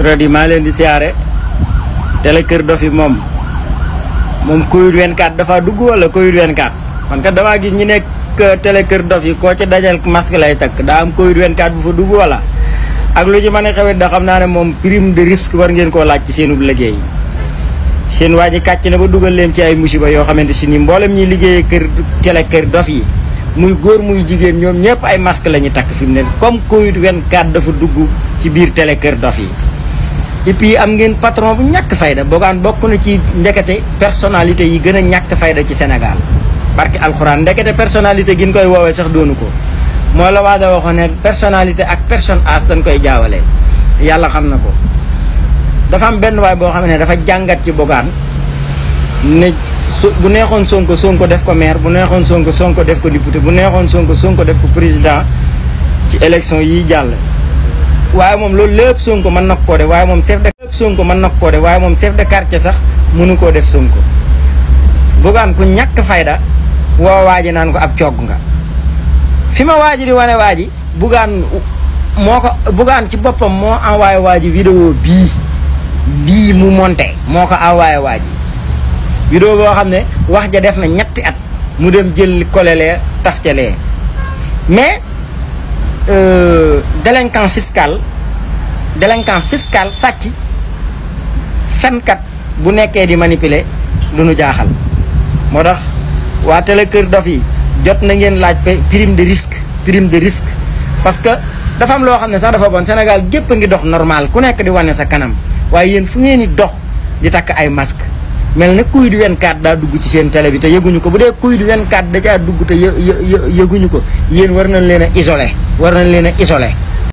rod yi maa leen di siyaare tele Kër Dof yi moom moom Covid 24 dafa dugg wala Covid 24 man kat dama gis ñi nekk euh, télé Kër Dof yi koo ci dajal masque lay takk daa am Covid 24 bu fa dugg wala ak lu ci mën a xewit da xam naa ne moom prime de risque war ngeen koo laaj ci seenub liggéey seen waa ji kàcc na ba dugal leen ci ay musiba yoo xamante si ni mboolem ñi liggéeyee kër tele Kër Dof yi muy góor muy jigéen ñoom ñëpp ay masque la ñuy takk fi mu ne comme Covid 24 dafa dugg ci biir Kër Dof yi et puis am ngeen patron bu ñàkk fayda Bougane bokk na ci ndekete personalité yi gën a ñàkk fayda ci Sénégal barke alxuraan ndekete personalité gi ñu koy woowee sax doonu ko moo la waa da waxoon ne personnalité ak personne as dañ koy jaawale yàlla xam na ko dafa am benn waay boo xam ne dafa jàngat ci Bougane ne su bu neexoon Sonko Sonko def ko maire bu neexoon Sonko Sonko def ko député bu neexoon Sonko Sonko def ko président ci élection yi jàll waaye moom loolu lépp Sonko mën na koo def waaye moom chef de Sonko mën na koo def waaye moom chef de quartier sax mënu koo def Sonko Bougane ku ñàkk fayda woo waaji naan ko ab cogg nga fi ma waaji di wane waaji Bougane moo ko Bougane ci boppam moo envoyé waaji vidéo bii bii mu monté moo ko envoyé waaji vidéo boo xam ne wax ja def na ñetti at mu dem jël kolelee taf ca lee mais Euh, délinquant fiscal délinquant fiscal sàcc fenkat bu nekkee di manipuler lu nu jaaxal moo tax waa télé kër dof yi jot na ngeen laaj prime de risque prime de risque parce que dafa am loo xam ne sax dafa bon Sénégal gépp a ngi dox normal ku nekk di wane sa kanam waaye yéen fu ngeen di dox di takk ay masque mel ne di du 24 daa dugg ci seen télé bi te yëguñu ko bu dee kuy du 24 da caa dugg te yë yëguñu ko yéen war nañ leen a isolé war nañ leen a